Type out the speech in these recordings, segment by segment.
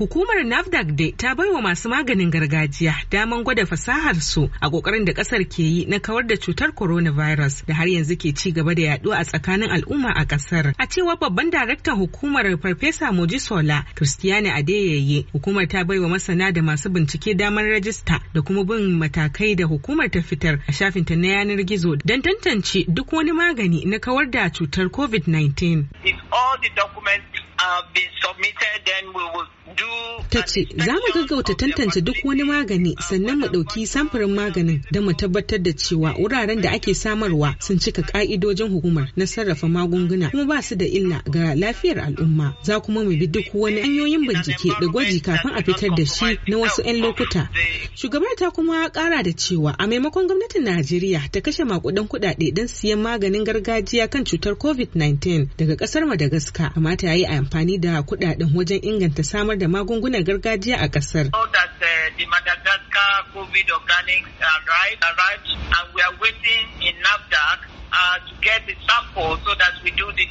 Hukumar NAFDAC da ta baiwa masu maganin gargajiya daman gwada fasahar su a kokarin da kasar ke yi na kawar da cutar coronavirus da har yanzu ke ci gaba da yaduwa a tsakanin al'umma a kasar. A cewa babban daraktan hukumar Farfesa Mojisola Christiane Adeyeye, hukumar ta baiwa masana da masu bincike damar rajista da kuma bin matakai da hukumar ta fitar a shafin ta na yanar gizo don tantance duk wani magani na kawar da cutar COVID-19. all the documents Ta ce, za mu gaggauta tantance duk wani magani uh, sannan mu ɗauki samfurin maganin don mu tabbatar da cewa wuraren da ake samarwa sun cika ƙa'idojin hukumar na sarrafa magunguna kuma ba su da illa ga lafiyar al'umma. Za kuma mu bi duk wani hanyoyin bincike da gwaji kafin a fitar da shi na wasu 'yan lokuta. Shugabar ta kuma ƙara da cewa a maimakon gwamnatin Najeriya ta kashe makudan kuɗaɗe don siyan maganin gargajiya kan cutar COVID-19 daga ƙasar Madagascar amma ta yi a amfani da kudaden wajen inganta samar da magungunan gargajiya a kasar. Uh, the Madagascar COVID organic arrived, uh, arrived and we are waiting in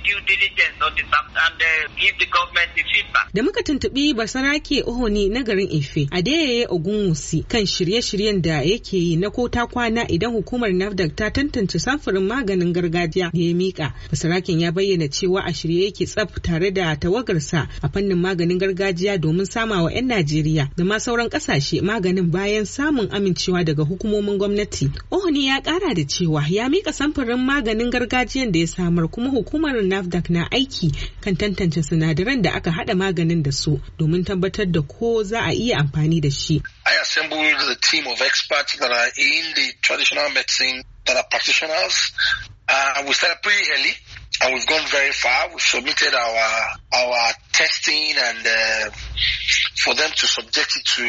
due diligence on the fact and uh, give the government the feedback. Da muka tuntuɓi Basarake Ohoni na garin Ife, Adeyeye Ogunwusi kan shirye-shiryen da yake yi na ko ta kwana idan hukumar NAFDAC ta tantance samfurin maganin gargajiya da ya mika. basarakin ya bayyana cewa a shirye yake tsaf tare da tawagarsa a fannin maganin gargajiya domin sama wa 'yan Najeriya da ma sauran ƙasashe maganin bayan samun amincewa daga hukumomin gwamnati. Ohoni ya ƙara da cewa ya miƙa samfurin maganin gargajiyan da ya samar kuma hukumar na NAFDAC na aiki kan tantance sinadaran da aka maganin da su domin tabbatar da ko za a iya amfani da shi. I assembled the team of experts that are in the traditional medicine that are practitioners. Uh, we started pretty early and we've gone very far. we submitted our our testing and uh, for them to subject it to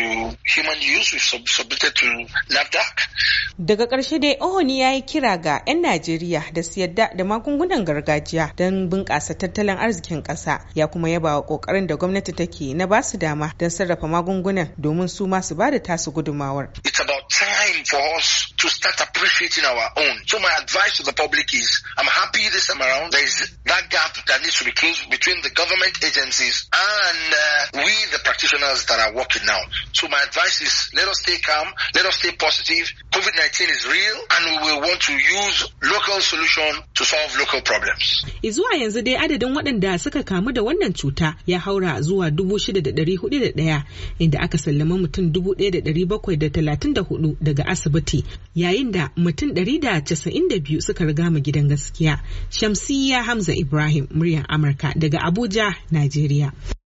human use, we sub submitted to NAFDAC. Daga ƙarshe dai Ohoni ya yi kira ga 'yan Najeriya da su yadda da magungunan gargajiya don bunƙasa tattalin arzikin ƙasa ya kuma yaba wa ƙoƙarin da gwamnati take na ba su dama don sarrafa magungunan domin su ma su ba da tasu gudumawar. It's about time for us to start appreciating our own. So my advice to the public is I'm happy this time around there is that gap that needs to be closed between the government agencies and uh, we, the practitioners that are working now. So my advice is let us stay calm, let us stay positive, COVID-19 is real and we will want to use local solution to solve local problems. Izuwa yanzu dai adadin waɗanda suka kamu da wannan cuta ya haura zuwa 6,401 inda aka sallama mutum 1,734 daga asibiti yayin da mutum 192 suka riga mu gidan gaskiya. Shamsiyya Hamza Ibrahim muryar Amurka daga Abuja, Najeriya.